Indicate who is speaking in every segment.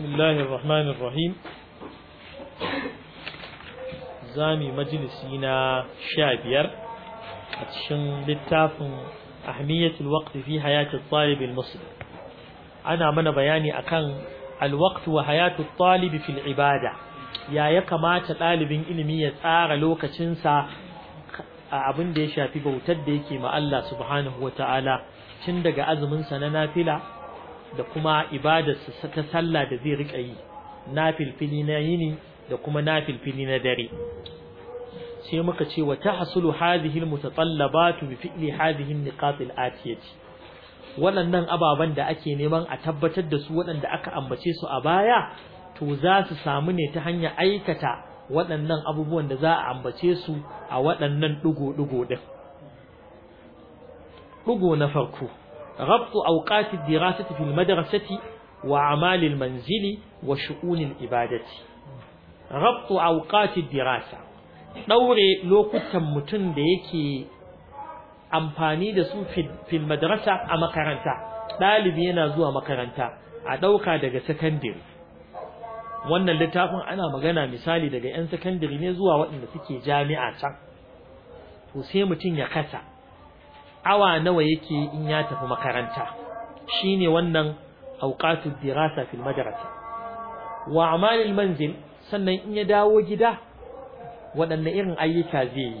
Speaker 1: بسم الله الرحمن الرحيم زامي مجلسينا شابير أتشن للتاف أهمية الوقت في حياة الطالب المسلم أنا من بياني أكن الوقت وحياة الطالب في العبادة يا يكما تطالب إلمي يتعار لوك تنسى abin da ya shafi bautar da yake ma Allah subhanahu wa ta'ala tun daga azumin sa na nafila da kuma ibadarsa ta sallah da zai rika yi nafilfili na yini da kuma nafilfili na dare sai muka ce wa tahsulu hadhihi almutatallabatu bi fi'li hadhihi an-niqat wannan atiyati waɗannan ababen da ake neman a tabbatar da su waɗanda aka ambace su a baya to za su samu ne ta hanyar aikata waɗannan abubuwan da za a ambace su a waɗannan ɗigo-ɗigo ɗin. Ɗigo na farko, Rabtu ربط أوقات الدراسة في المدرسة وأعمال المنزل وشؤون الإبادة ربط أوقات الدراسة ɗaure lokutan mutum da yake amfani da su fil madrasa a makaranta ɗalibi yana zuwa makaranta a ɗauka daga sakandare wannan littafin ana magana misali daga 'yan sakandare ne zuwa waɗanda suke jami'a can to sai mutum ya kasa awa nawa yake in ya tafi makaranta shine wannan awqatud dirasa fil madrasa wa a'malil manzil sannan in ya dawo gida waɗanne irin ayyuka zai yi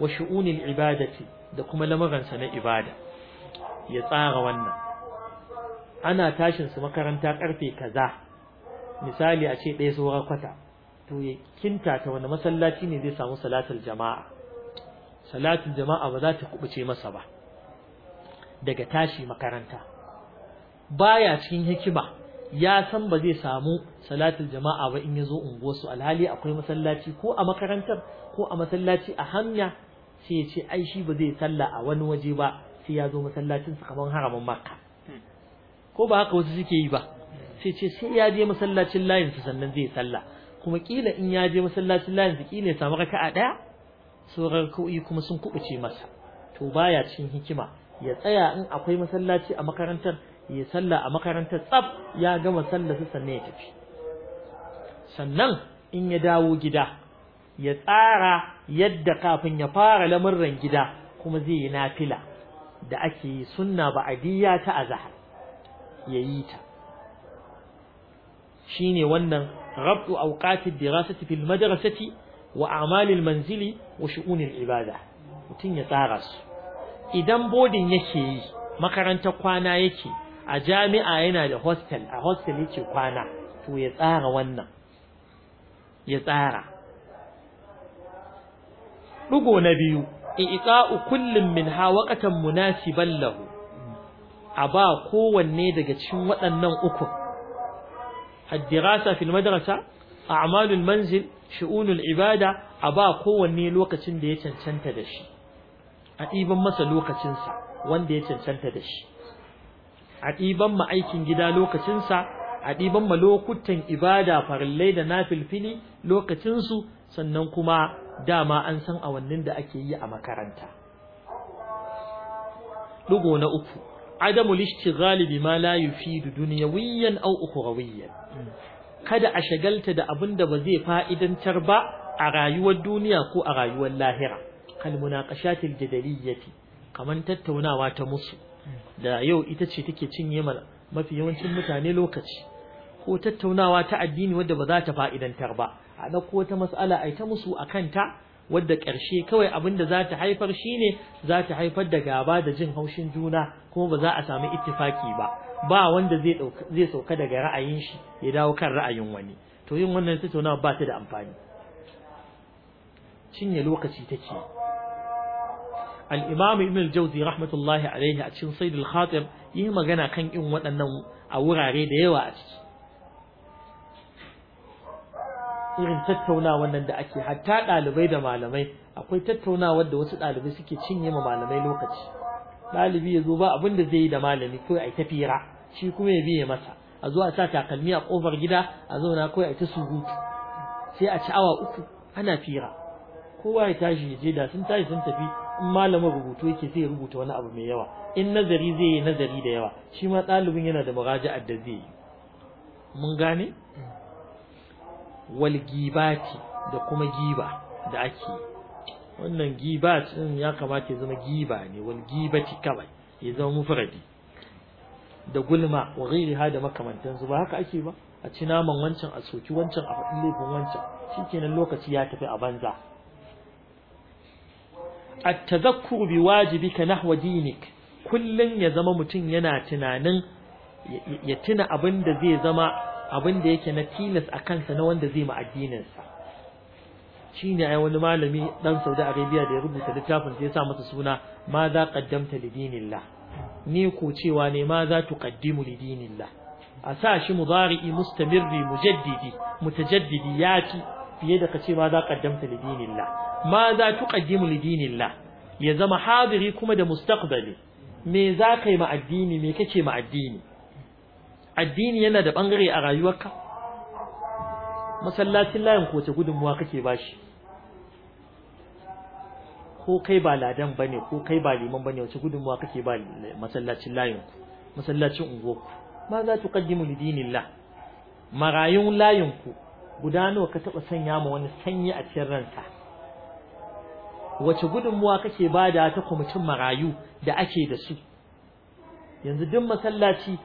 Speaker 1: wa shu'unil ibadati da kuma lamuransa na ibada ya tsara wannan ana tashin su makaranta karfe kaza misali a ce ɗaya saura kwata to ya kinta ta wani masallaci ne zai samu salatul jama'a salatin jama'a ba za ta kubuce masa ba daga tashi makaranta baya cikin hikima ya san ba zai samu salatin jama'a ba in ya zo unguwarsu alhali akwai masallaci ko a makarantar ko a masallaci a hanya sai ya ce ai shi ba zai salla a wani waje ba sai ya zo masallacin sa haramin makka ko ba haka wasu suke yi ba sai ce sai ya je masallacin layin su sannan zai salla kuma kila in ya je masallacin layin su kila ya samu raka'a daya sauran kau'i kuma sun kubuce masa to baya cikin hikima ya tsaya in akwai masallaci a makarantar ya sallah a makarantar tsaf ya gama sallar sa sannan ya tafi sannan in ya dawo gida ya tsara yadda kafin ya fara lamurran gida kuma zai yi nafila da ake yi sunna ba'adiyya ta azhar yayi ta shine wannan rabtu awqati dirasati fil madrasati wa amalil manzili wa shu'unil ibada mutum ya tsara su idan bodin yake yi makarantar kwana yake a jami'a yana da hostel a hostel yake kwana to ya tsara wannan ya tsara dugo na biyu i'ta'u kullum min ha waqatan munasiban lahu a ba kowanne daga cikin waɗannan uku الدراسة في المدرسة أعمال المنزل shu'unul ibada a ba kowanne lokacin da ya cancanta da shi a ɗiban masa lokacinsa wanda ya cancanta da shi a ɗiban ma aikin gida lokacinsa a ɗiban ma lokutan ibada farillai da na filfili lokacinsu sannan kuma dama an san awannin da ake yi a makaranta ɗugo na uku Adamu, عدم galibi ma لا يفيد دنيويا أو أخرويا kada a shagalta da abin da ba zai fa'idantar ba a rayuwar duniya ko a rayuwar lahira kal munaqashatil jadaliyyati Kamar tattaunawa ta musu da yau ita ce take cinye mana mafi yawancin mutane lokaci ko tattaunawa ta addini wadda ba za ta fa'idantar ba a dauko wata mas'ala ai ta musu a kanta wadda ƙarshe kawai abin da za ta haifar shine za ta haifar da gaba da jin haushin juna kuma ba za a samu ittifaki ba ba wanda zai zai sauka daga ra'ayin shi ya dawo kan ra'ayin wani to yin wannan tattaunawa ba ta da amfani cinye lokaci take al-imam ibn al-jawzi rahmatullahi alayhi a cikin sayyid al-khatib yi magana kan in waɗannan a wurare da yawa a ciki irin tattaunawa nan da ake hatta ɗalibai da malamai akwai tattaunawa da wasu ɗalibai suke cinye ma malamai lokaci ɗalibi ya zo ba abin da zai yi da malami kawai a ta fira shi kuma ya biye masa a zo a sa takalmi a kofar gida a zauna kawai a ta surutu sai a ci awa uku ana fira kowa ya tashi ya je da sun tashi sun tafi in malamin rubutu yake sai ya rubuta wani abu mai yawa in nazari zai yi nazari da yawa shi ma ɗalibin yana da muraja'ar da zai yi mun gane wal gibati da kuma giba da ake yi wannan giba din ya kamata ya zama giba ne wal gibati kawai ya zama mufradi da gulma wa ghairiha hada makamantan su ba haka ake ba a ci naman wancan a soki wancan a faɗin laifin wancan shikenan lokaci ya tafi a banza at-tadhakkuru bi wajibika nahwa dinik kullun ya zama mutum yana tunanin ya tuna abin zai zama abin yake na tilas a kansa na wanda zai ma addininsa shine ai wani malami dan Saudi Arabia da ya rubuta littafin sai ya sa masa suna ma za qaddamta lidinillah ni ko cewa ne ma za tuqaddimu lidinillah a sa shi mudari'i mustamirri mujaddidi mutajaddidi yati fiye da kace ma za qaddamta lidinillah ma za tuqaddimu lidinillah ya zama hadiri kuma da mustaqbali me za kai ma addini me kace ma addini addini yana da bangare a rayuwarka masallacin layin ko gudunmuwa kake shi? ko kai ba ladan ba ne, ko kai ba liman ba ne. wace gudunmuwa kake ba masallacin layin ku masallacin unguwarku ma za tuqaddimu lidinillah marayun layin ku guda nawa ka taba sanya ma wani sanyi a cikin ransa wace gudunmuwa kake da ta kwamitin marayu da ake da su yanzu duk masallaci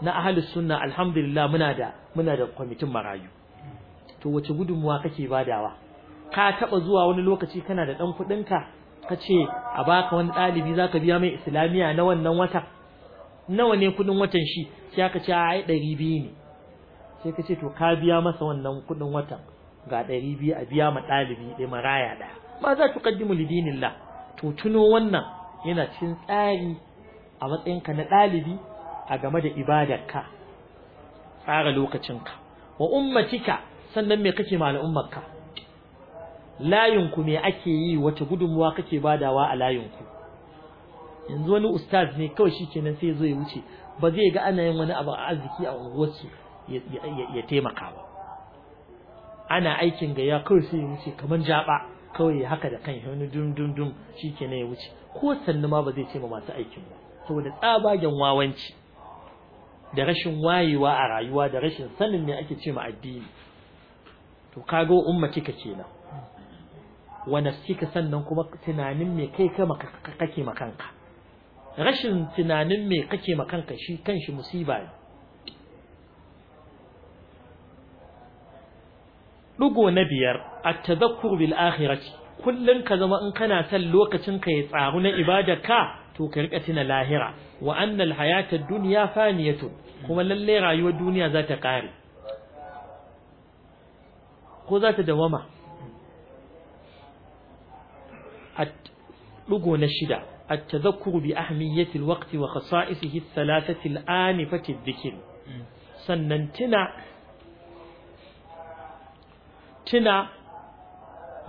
Speaker 1: na ahlus sunna alhamdulillah muna da muna da kwamitin marayu to wace gudunmuwa kake badawa ka taba zuwa wani lokaci kana da dan Ka kace a baka wani dalibi zaka biya mai islamiya na wannan wata nawa ne kudin watan shi sai ka ce ai 200 ne sai kace to ka biya masa wannan kudin watan ga 200 a biya ma dalibi dai maraya da ma za ku kaddimu lidinillah to tuno wannan yana cikin tsari a matsayinka na dalibi a game da ibadarka tsara lokacinka wa ummatika sannan me kake ma al'ummarka ku me ake yi wata gudunmuwa kake badawa a layinku yanzu wani ustaz ne kawai shi kenan sai zo ya wuce ba zai ga ana yin wani abu a arziki a unguwarsu ya taimaka ba ana aikin gaya kawai sai ya wuce kamar jaba kawai haka da kan wani dum dum dum shi kenan ya wuce ko sannu ma ba zai ce ma masu aikin ba saboda tsabagen wawanci da rashin wayewa a rayuwa da rashin sanin me ake ce ma addini to kago ummatika kenan wa nafsika sannan kuma tunanin me kai kake kake makanka rashin tunanin me kake makanka shi kanshi musiba ne dugo na biyar at-tadhakkur bil akhirati kullun ka zama in kana san lokacin ka ya tsaru na ka, to ka rika tuna lahira wa anna al hayata ad-dunya faniyatun kuma lalle rayuwar duniya za ta kare ko za ta dawama a ɗugo na shida a ta zakuru bi ahmiyyatil waqti wa khasa'isihi thalathatil anifatid dhikr sannan tuna tuna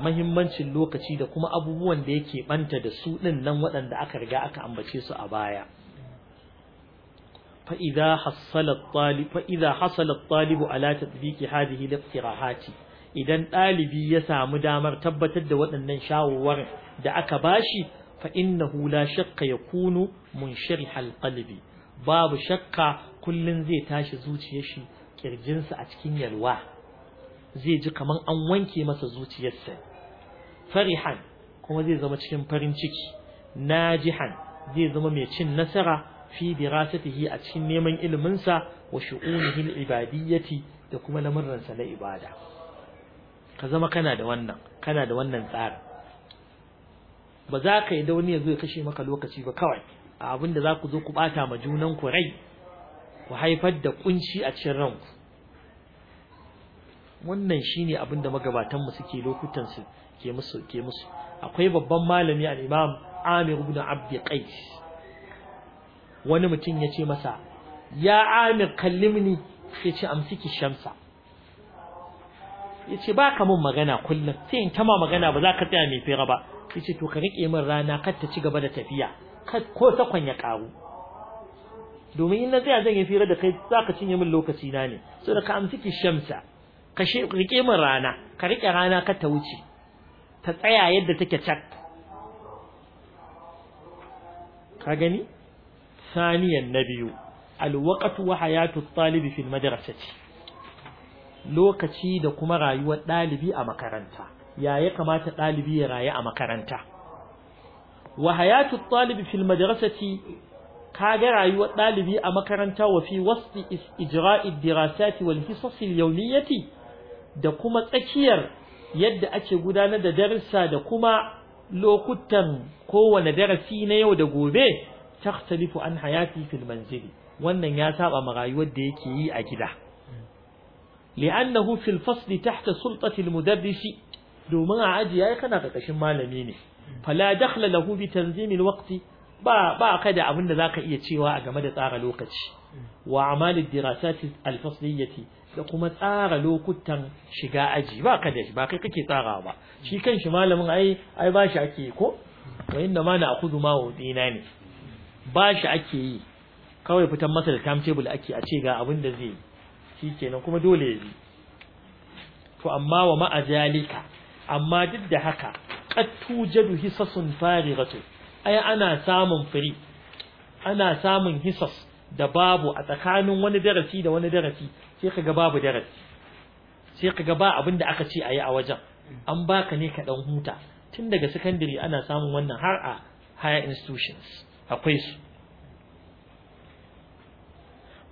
Speaker 1: muhimmancin lokaci da kuma abubuwan da yake banta da su din nan waɗanda aka riga aka ambace su a baya فإذا حصل الطالب فإذا حصل الطالب على تطبيق هذه الاقتراحات idan ɗalibi ya samu damar tabbatar da waɗannan shawarwarin da aka bashi fa innahu la shakka yakunu munshirihal qalbi babu shakka kullun zai tashi zuciyar shi kirjinsa a cikin yalwa zai ji kaman an wanke masa zuciyarsa farihan kuma zai zama cikin farin ciki najihan zai zama mai cin nasara fi dirasatihi a cikin neman iliminsa wa shu'unihi ibadiyyati da kuma lamuransa na ibada ka zama kana da wannan kana da wannan tsarin ba za ka yi da wani ya zo ya kashe maka lokaci ba kawai a abin da za ku zo ku bata ma junan ku rai ku haifar da kunci a cikin ranku wannan shine abin da magabatan mu suke lokutan su ke musu ke musu akwai babban malami al-Imam Amir ibn Abd Qais wani mutum ya ce masa ya Amir kallimni sai ce amsiki shamsa yace ba ka mun magana kullum sai in tama magana ba za ka tsaya mai fira ba yace to ka rike min rana kar ta ci gaba da tafiya ko sakon ya karu domin in na tsaya zan yi fira da kai za ka cinye min lokaci na ne saboda ka amsiki shamsa ka rike min rana ka rike rana kar ta wuce ta tsaya yadda take cak ka gani saniyan na biyu alwaqtu wa hayatu at-talibi fi al-madrasati lokaci da kuma rayuwar ɗalibi a makaranta ya ya kamata ɗalibi ya rayu a makaranta wa hayatu ɗalibi fil madrasati kaga rayuwar ɗalibi a makaranta wa fi wasti ijra'i dirasati wal hisas al yawmiyati da kuma tsakiyar yadda ake gudanar da darussa da kuma lokutan kowane darasi na yau da gobe takhtalifu an hayati fil manzili wannan ya saba ma rayuwar da yake yi a gida li'annahu fil fasli tahta sultati al-mudarrisi domin a ajiye yayi kana karkashin malami ne fala dakhla lahu bi tanzim al-waqt ba ba ka da abin da iya cewa game da tsara lokaci wa amal ad-dirasat al-fasliyati da kuma tsara lokutan shiga aji ba ka shi ba kai kake tsara ba shi kanshi malamin ai ai ba shi ake ko wa inda ma na akhudhu ma wudina ne ba shi ake yi kawai fitan masa da timetable ake a ce ga abin da zai shikenan kuma dole yi to amma wa ma'ajalika amma duk da haka qad jadu hisasun farighatu ai ana samun firi ana samun hisas da babu a tsakanin wani darasi da wani darasi sai kaga babu darasi sai kaga ba abin da aka ce ayi a wajen an baka ne ka dan huta tun daga secondary ana samun wannan har a higher institutions akwai su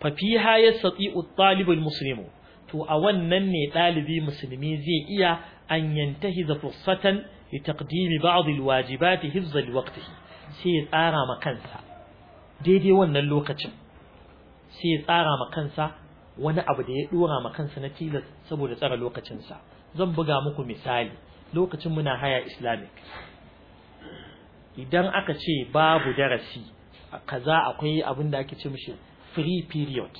Speaker 1: Fafiha ya yastati'u at-talib muslim to a wannan ne dalibi musulmi zai iya an da fursatan li taqdimi ba'd al-wajibat hifzan waqtihi sai ya tsara ma kansa daidai wannan lokacin sai ya tsara ma kansa wani abu da ya dora ma kansa na tilas saboda tsara lokacinsa zan buga muku misali lokacin muna haya islamic idan aka ce babu darasi kaza akwai abin da ake ce mishi free period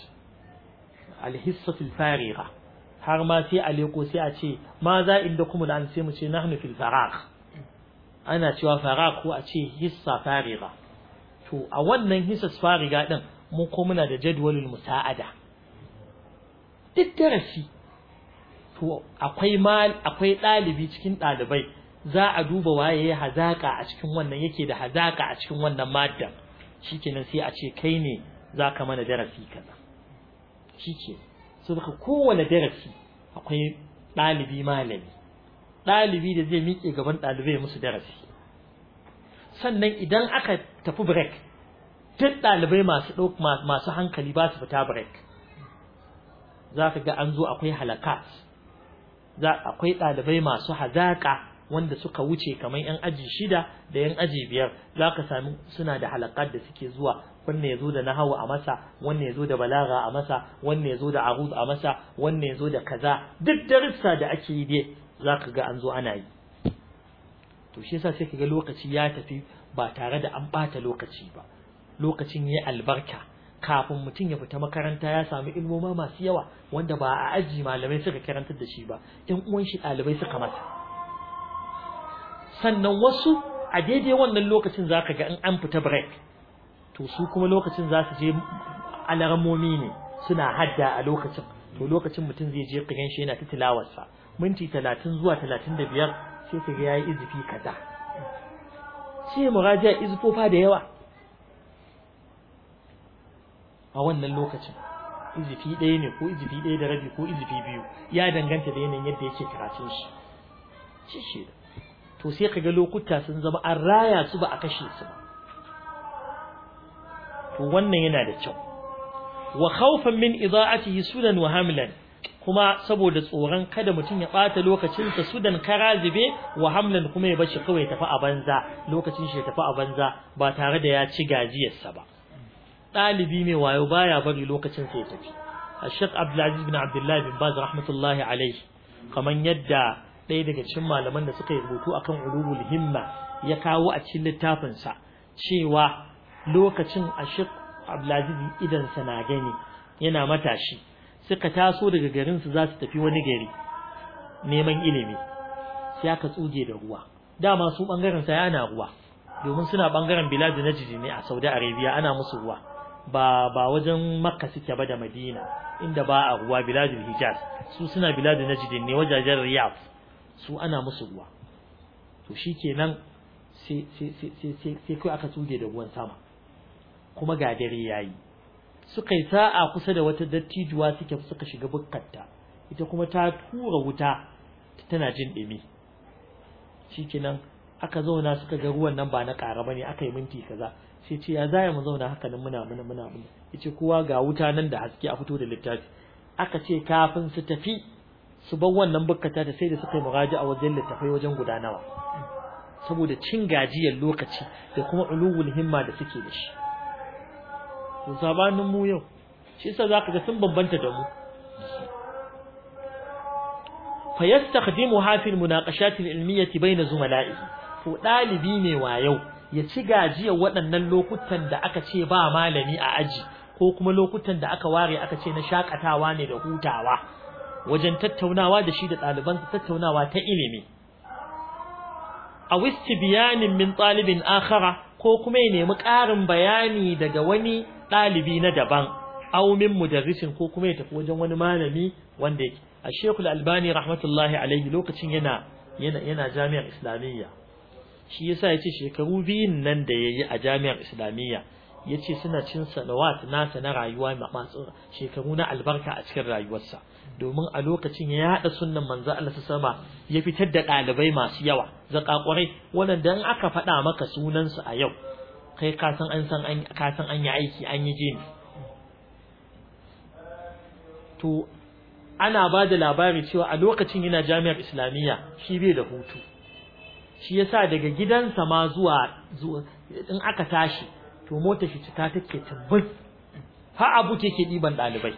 Speaker 1: alhissatul fariga har ma sai a leko sai a ce ma za inda kuma da an sai mu ce nahnu fil faraq ana cewa faraq ko a ce hissa fariga to a wannan hissa fariga din mu ko muna da jadwalul musa'ada duk darasi to akwai mal akwai dalibi cikin dalibai za a duba waye ya hazaka a cikin wannan yake da hazaka a cikin wannan madda shikenan sai a ce kai ne za ka mana darasi kaza shi ke so kowane darasi akwai ɗalibi malami ɗalibi da zai miƙe gaban ɗalibai musu darasi sannan idan aka tafi break duk ɗalibai masu hankali ba su fita break za ka ga an zo akwai halakat za akwai ɗalibai masu hazaƙa wanda suka wuce kamar yan aji shida da yan aji biyar za ka sami suna da halakar da suke zuwa wanne ya zo da nahawu a masa wanne ya zo da balaga a masa wanne ya zo da arus a masa wanne ya zo da kaza duk darussa da ake yi dai za ka ga an zo ana yi to shi yasa sai ka lokaci ya tafi ba tare da an ɓata lokaci ba lokacin ya albarka kafin mutum ya fita makaranta ya sami ilmoma masu yawa wanda ba a aji malamai suka karantar da shi ba in uwan shi ɗalibai suka masa sannan wasu a daidai wannan lokacin zaka ga an fita break to su kuma lokacin za su je alarmomi ne suna hadda a lokacin to lokacin mutum zai je ka shi yana ta tilawarsa minti talatin zuwa talatin da biyar sai ka ga yayi izifi kaza shi muraja izifofa da yawa a wannan lokacin izifi ɗaya ne ko izifi ɗaya da rabi ko izifi biyu ya danganta da yanayin yadda yake karatun shi shi shi to sai ka ga lokuta sun zama an raya su ba a kashe su ba wannan yana da kyau wa khawfan min idaatihi sudan wa hamlan kuma saboda tsoron kada mutum ya ɓata lokacinsa sudan karazibe wa hamlan kuma ya bashi kawai tafi a banza lokacin shi ya tafi a banza ba tare da ya ci gajiyarsa ba ɗalibi mai wayo baya bari lokacinsa ya tafi الشيخ عبد Abdulaziz bin عبد bin بن rahmatullahi رحمة الله عليه ɗaya daga cikin malaman da suka yi rubutu akan ulubul himma ya kawo a cikin littafinsa cewa lokacin ashik abdulaziz idan na gani yana matashi suka taso daga garinsu su za su tafi wani gari neman ilimi sai aka tsuge da ruwa dama su bangaren sa yana ruwa domin suna bangaren na najd ne a Saudi Arabia ana musu ruwa ba ba wajen Makka suke ba da Madina inda ba a ruwa bilad Hijaz su suna na najd ne wajajen Riyadh su ana musu ruwa to shikenan sai sai sai sai kai aka tsuge da ruwan sama kuma ga dare yayi suka yi sa'a kusa da wata dattijuwa suke suka shiga bukkarta ita kuma ta tura wuta tana jin dimi shikenan aka zauna suka ga ruwan nan ba na ƙara bane aka yi minti kaza sai ce ya zaya mu zauna haka nan muna muna muna muna yace kowa ga wuta nan da haske a fito da littafi aka ce kafin su tafi su bar wannan bukkata da sai da suka yi muraji a wajen littafai wajen guda saboda cin gajiyar lokaci da kuma ulul himma da suke da shi to sabanin mu yau shi yasa zaka ga sun bambanta da mu fa yastakhdimuha fi almunaqashat alilmiyyah bayna zumala'ihi to dalibi ne wa yau ya ci gajiyar waɗannan lokutan da aka ce ba malami a aji ko kuma lokutan da aka ware aka ce na shakatawa ne da hutawa wajen tattaunawa da shi da ɗalibansa tattaunawa ta ilimi a wisti biyanin min ɗalibin akhara ko kuma ya nemi ƙarin bayani daga wani ɗalibi na daban aumin min mudarrisin ko kuma ya tafi wajen wani malami wanda yake a shekul albani rahmatullahi alaihi lokacin yana yana yana jami'ar islamiyya shi yasa yace shekaru biyun nan da yayi a jami'ar islamiyya yace suna cin salawat nasa na rayuwa masu shekaru na albarka a cikin rayuwarsa domin a lokacin ya yada sunnan manzo Allah sama ya fitar da dalibai masu yawa zakakurai dan aka faɗa maka sunansu a yau kai ka san an san ka an yi aiki an yi jini to ana ba da labari cewa a lokacin yana jami'ar islamiyya shi bai da hutu shi yasa daga gidansa ma zuwa in aka tashi to mota shi cika take tabbai fa abu ke ke ɗiban ɗalibai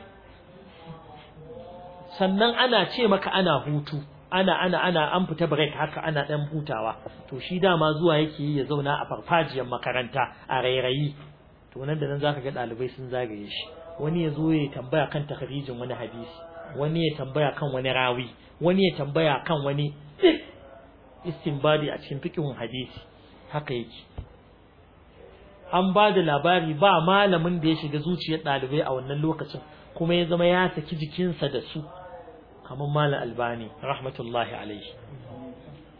Speaker 1: sannan ana ce maka ana hutu ana ana ana an fita break haka ana dan hutawa to shi dama zuwa yake yi ya zauna a farfajiyar makaranta a rairayi to nan da nan zaka ga dalibai sun zagaye shi wani ya zo ya tambaya kan takharijin wani hadisi wani ya tambaya kan wani rawi wani ya tambaya kan wani istinbadi a cikin fikihun hadisi haka yake an ba da labari ba malamin da ya shiga zuciyar ɗalibai a wannan lokacin kuma ya zama ya saki jikinsa da su kamar malam albani rahmatullahi alaihi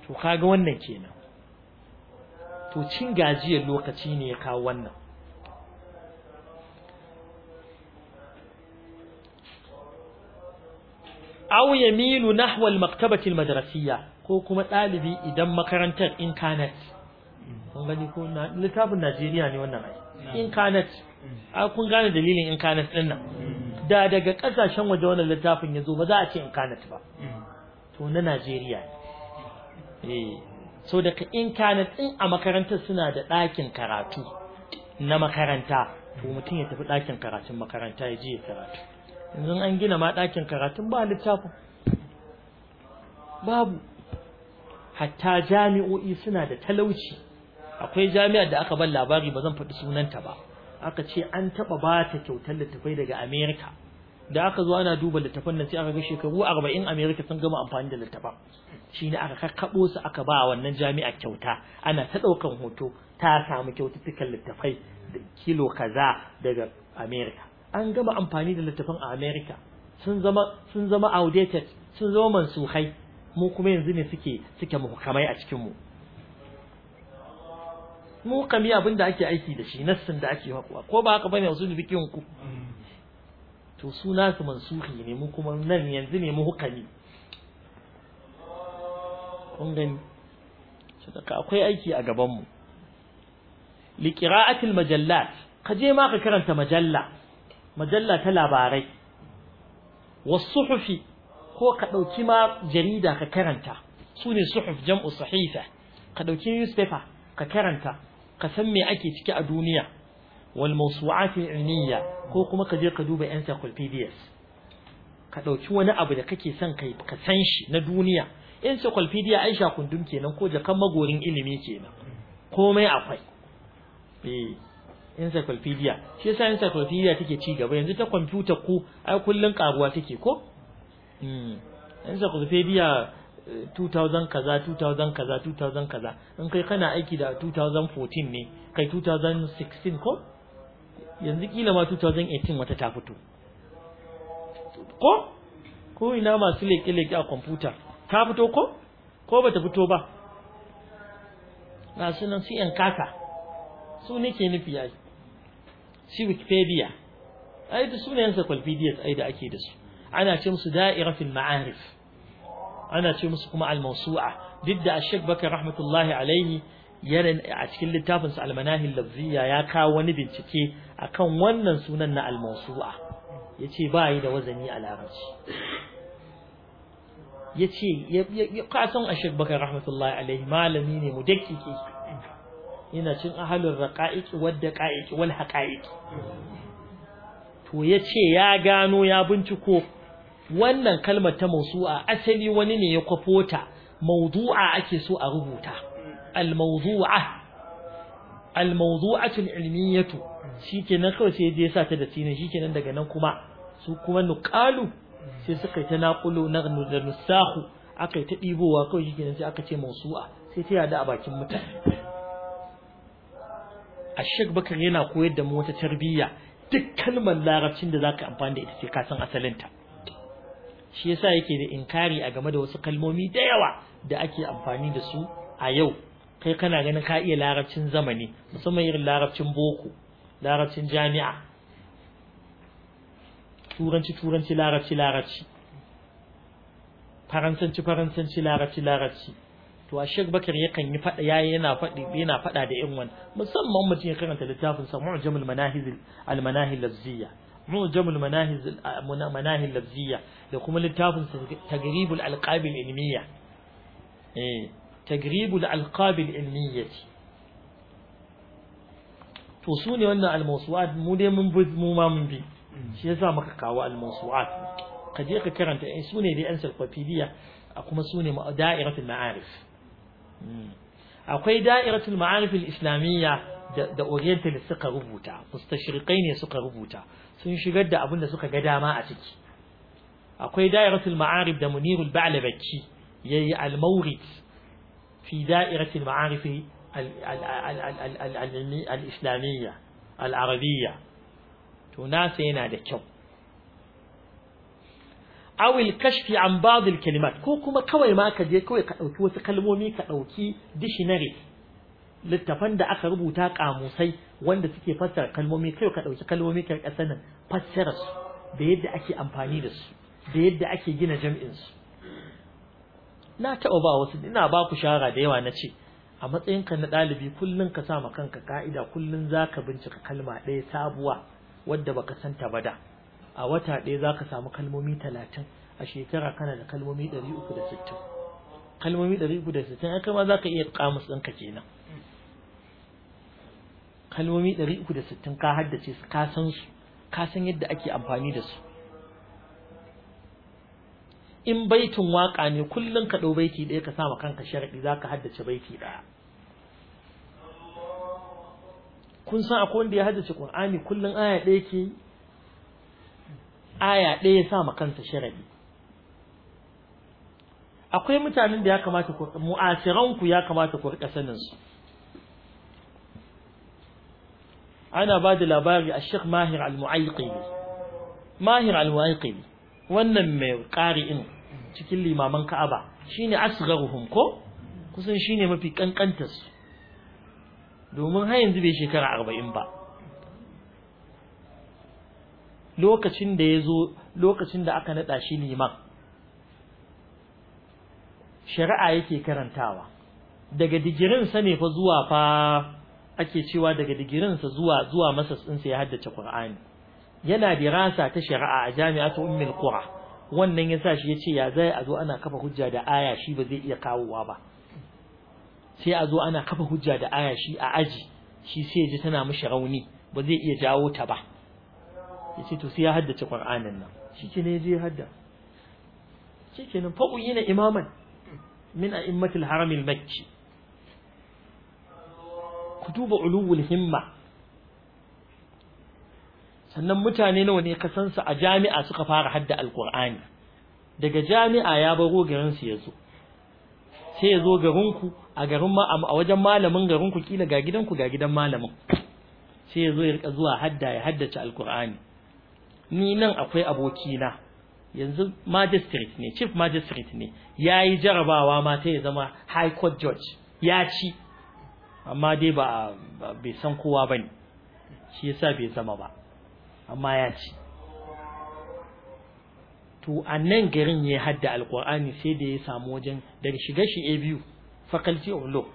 Speaker 1: to kaga wannan kenan to cin gajiyar lokaci ne ya kawo wannan aw yamilu nahwa al-maktabati al-madrasiyya ko kuma dalibi idan makarantar in kanat kun gani ko littafin Najeriya ne wannan ai in kanat a kun gane dalilin in kanat din nan da daga kasashen waje wannan littafin ya zo ba za a ce in ba to na Najeriya ne eh so da in kanat din a makarantar suna da ɗakin karatu na makaranta to mutum ya tafi ɗakin karatun makaranta ya je ya karatu yanzu an gina ma ɗakin karatun ba littafin babu hatta jami'o'i suna da talauci akwai jami'ar da aka bar labari ba zan faɗi sunanta ba aka ce an taɓa ba ta kyautar littafai daga Amerika. Da aka zo ana duba littafan nan sai aka ga shekaru arba'in Amerika sun gama amfani da littafan. Shi aka kakkaɓo su aka ba wannan jami'a kyauta ana ta ɗaukan hoto ta samu kyaututtukan littafai da kilo kaza daga Amerika. An gama amfani da littafan a Amerika sun zama sun zama outdated sun zama mansuhai mu kuma yanzu ne suke suke muhukamai a cikin mu. muhkami abin da ake aiki da shi nassin da ake hakuwa ko ba haka bane usulul fiqhin ku to suna su mansuhi ne mu kuma nan yanzu ne muhkami kun gani sadaka akwai aiki a gaban mu liqira'atil majallat ka je ma ka karanta majalla majalla ta labarai suhufi ko ka dauki ma jarida ka karanta sune suhuf jam'u sahifa ka dauki newspaper ka karanta ka san me ake ciki a duniya wal mawsu'at ilmiya ko kuma ka je ka duba encyclopedias ka dauki wani abu da kake son kai ka san shi na duniya encyclopedia Aisha kundum kenan ko jakan magorin ilimi kenan komai akwai eh encyclopedia shi yasa encyclopedia take ci gaba yanzu ta computer ko ai kullun karuwa take ko mm encyclopedia 2000 kaza 2000 kaza 2000 kaza in kai kana aiki da 2014 ne kai 2016 ko yanzu kila ma 2018 wata ta fito ko ko ina masu leke-leke a kwamfuta ta fito ko ko bata fito ba masu nan su 'yan kaka su ne ke nufi yayi shi wikipedia ai da sunayen kwalfidiyas ai da ake da su ana ce musu da'iratul ma'arif ana ce musu kuma al duk da Sheikh Bakar rahmatullahi alaihi yana a cikin littafin sa al lafziya ya kawo wani bincike akan wannan sunan na al-mawsu'a yace ba yi da wazani a larabci yace ya kasan a Sheikh Bakar rahmatullahi alaihi malami ne mudakkiki Ina cin ahalin raqa'iq wad daqa'iq wal haqa'iq to yace ya gano ya binciko wannan kalmar ta mauzu'a asali wani ne ya kwafo ta mawdu'a ake so a rubuta al-mawdu'a al-mawdu'atu al-ilmiyatu shikenan kawai sai dai sa ta da sinin shikenan daga nan kuma su kuma nuqalu sai suka yi ta naqulu na da nusahu aka yi ta dibowa kawai shikenan sai aka ce mausu'a. sai ta yada a bakin mutane Ashek Bakar yana koyar da mu wata tarbiyya duk kalmar larabcin da zaka amfani da ita sai ka san asalinta shi yasa yake da inkari a game da wasu kalmomi da yawa da ake amfani da su a yau kai kana ganin ka iya larabcin zamani musamman irin larabcin boko larabcin jami'a turanci turanci larabci larabci faransanci faransanci larabci larabci to a shek bakar yakan yi fada yayi yana fadi yana fada da irin wannan musamman mutum ya karanta littafin sa mu'jamul manahil al manahil lazziyah mu'jamul manahiz manahil lafziyya da kuma littafin tagribul alqabil ilmiya. eh tagribul alqabil ilmiyya to su ne wannan almawsuat mu dai mun bi mu ma mun bi shi yasa muka kawo almawsuat ka je ka karanta eh su ne dai encyclopedia kuma su ne da'iratul ma'arif akwai da'iratul ma'arif al-islamiyya da Oriental suka rubuta mustashriqai ne suka rubuta sun shigar da abin da suka ga dama a ciki akwai da'iratul ma'arif da munirul ba'labaki yayi al-mawrid fi da'iratul ma'arif al-islamiyya al-arabiyya to sai yana da kyau aw al-kashf an ba'd al-kalimat ko kuma kawai ma ka je kawai ka dauki wasu kalmomi ka dauki dictionary littafan da aka rubuta kamusai wanda suke fassara kalmomi kai ka dauki kalmomi ka nan fassara su da yadda ake amfani da su da yadda ake gina jami'in su na taɓa ba wasu ina ba ku shara da yawa na ce a matsayinka na ɗalibi kullum ka sa kanka ka'ida kullum za ka bincika kalma ɗaya sabuwa wadda ba ka santa ba da a wata ɗaya za ka samu kalmomi talatin a shekara kana da kalmomi ɗari uku da sittin kalmomi ɗari uku da sittin ai kama za ka iya kamus ɗinka kenan kalmomi 360 ka haddace su ka san su ka san yadda ake amfani da su in baitin waka ne kullum ka ɗau baiti ɗaya ka sa ma kanka sharaɗi za ka haddace baiti ɗaya kun san akwai wanda ya haddace ƙur'ani kullum aya ɗaya ke aya ɗaya ya sa ma kansa sharaɗi akwai mutanen da ya kamata ku mu'asiranku ya kamata ku riƙa sanin su ana ba da labari a shek mahir al-mu'aiqili mahir al-mu'aiqili wannan mai in cikin limaman ka'aba shine asgharuhum ko kusan shine mafi kankantar su domin har yanzu bai shekara 40 ba lokacin da yazo lokacin da aka nada shi liman shari'a yake karantawa daga digirin sa ne fa zuwa fa ake cewa daga digirinsa zuwa zuwa masas ɗinsa ya haddace Qur'ani yana dirasa ta shari'a a jami'atu ummul qura wannan yasa shi yace ya zai a zo ana kafa hujja da aya shi ba zai iya kawowa ba sai a zo ana kafa hujja da aya shi a aji shi sai ya ji tana mishi rauni ba zai iya jawo ta ba yace to sai ya haddace Qur'anin nan shikenan yaje ya hadda nan fa yana imaman min a'immatul haramil makki ku duba ulul himma sannan mutane nawa ne ka san su a jami'a suka fara hadda alqur'ani daga jami'a ya baro garin su yazo sai ya zo garin ku a garin ma a wajen malamin garin ku kila ga gidan ku ga gidan malamin sai ya zo ya rika zuwa hadda ya haddace alqur'ani ni nan akwai aboki na yanzu magistrate ne chief magistrate ne yayi jarabawa ma ta ya zama high court judge ya ci amma dai ba bai san kowa ba ne, shi yasa bai zama ba amma ya ci to annan garin ya hadda alqur'ani sai da ya samu wajen daga shiga shi a biyu faculty of law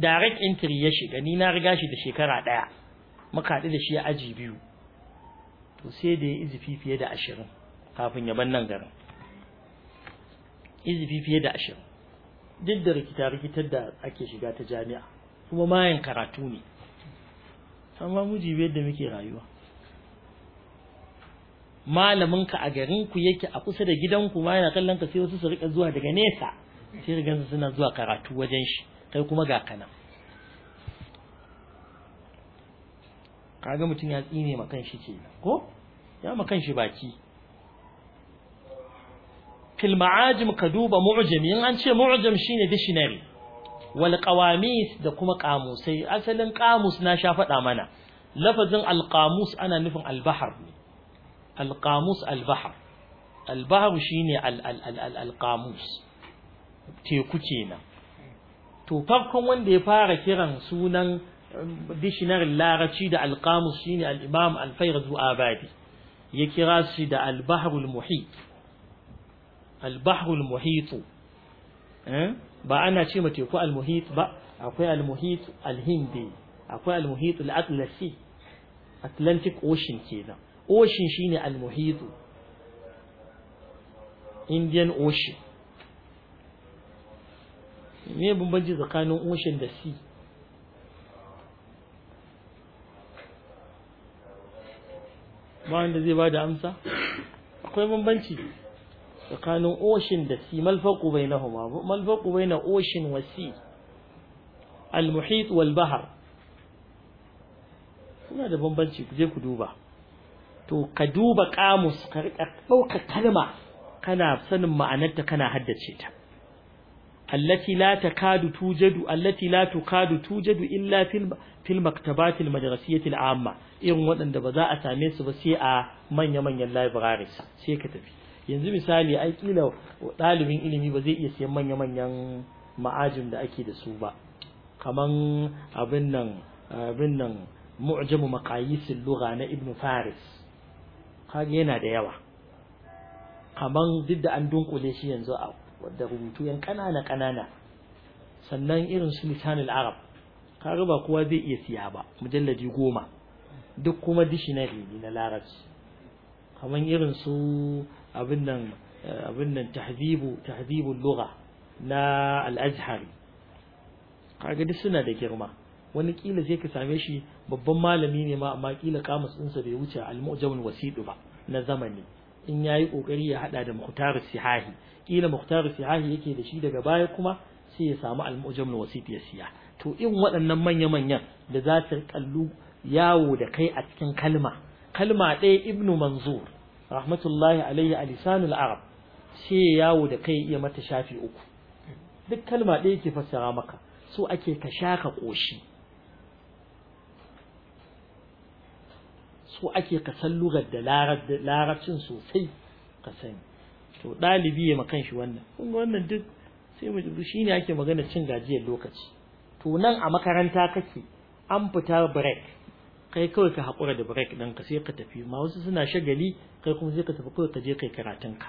Speaker 1: direct entry ya shiga ni na riga shi da shekara daya muka da shi a aji biyu to sai da ya izifi fiye da ashirin kafin ya bar nan garin izifi fiye da ashirin duk da rikita rikitar da ake shiga ta jami'a kuma mayan karatu ne amma mujibi yadda muke rayuwa malamin ka a garin ku yake a kusa da gidanku ma yana kallon ka sai wasu su rika zuwa daga nesa sai rigan suna zuwa karatu wajen shi kai kuma ga kana kaga mutum ya tsine makan shi ke ko ya makan shi baki fil ka duba mu'jam in an ce mu'jam shine dishinari wal da kuma qamusai asalin qamus na sha faɗa mana lafazin al ana nufin albahar ne alƙamus albahar al shine al al teku kenan to farkon wanda ya fara kiran sunan um, dictionary larabci da alƙamus shine al imam al abadi ya kira shi da al muhit albahrul muhitu eh? ba ana ce teku almuhit ba akwai almuhit alhindi akwai almuhit alatlasi atlantic ocean kenan ocean shine almuhitu indian ocean me bambanci tsakanin ocean da sea ba wanda zai ba da amsa akwai bambanci tsakanin oshin da si malfaku bai na huma malfaku bai na oshin wasi almuhit wal suna da bambanci ku je ku duba to ka duba kamus ka rika ɗauka kalma kana sanin ma'anarta kana haddace ta allati la takadu tujadu allati la tukadu tujadu illa fil fil maktabat al madrasiyah amma irin waɗanda ba za a same su ba sai a manya manyan libraries sai ka tafi yanzu misali ai kila ɗalibin ilimi ba zai iya siyan manya-manyan ma'ajin da ake da su ba kaman abin nan abin nan mu'jamu maqayisil lugha na ibn faris kage yana da yawa kaman duk da an dunkule shi yanzu a wadda rubutu yan kanana kanana sannan irin su lisanul arab kage ba kowa zai iya siya ba mujalladi goma duk kuma dishinari ne na larabci kaman irin su abin nan eh, abin nan tahzibu tahzibul lugha na al-azhari kaga duk suna da girma wani kila sai ka same shi babban malami ne ma amma kila kamus ɗinsa bai wuce al-mu'jamul wasidu ba na zamani in yayi kokari ya hada da muhtar sihahi kila muhtar sihahi yake da shi daga baya kuma sai ya samu al-mu'jamul wasid ya siya to in waɗannan manya manyan da za ta kallu yawo da kai a cikin kalma kalma ɗaya ibnu manzur rahmatullahi alayhi a lisanul arab sai yawo da kai iya mata shafi uku duk kalma ɗaya ke fassara maka so ake ka sha ka ƙoshi so ake ka san lugar da larabcin sosai ka sani to ɗalibi ya makan shi wannan kun wannan duk sai mu shi ne ake magana cin gajiyar lokaci to nan a makaranta kake an fita break kai kawai ka haƙura da break ɗin ka sai ka tafi ma wasu suna shagali kai kuma sai ka tafi kawai ka je kai karatun ka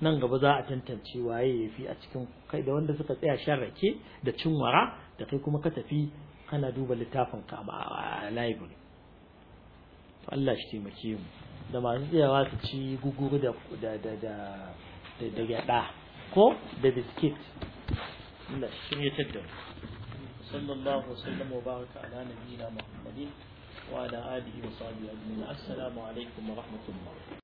Speaker 1: nan gaba za a tantance waye ya fi a cikin kai da wanda suka tsaya shan rake da cinwara da kai kuma ka tafi kana duba littafin ka a library to Allah shi taimake mu da masu tsayawa su ci guguru da da da da ko da biskit Allah shi ya tattara sallallahu alaihi wa sallam wa baraka ala nabiyina muhammadin وعلى آله وصحبه أجمعين السلام عليكم ورحمة الله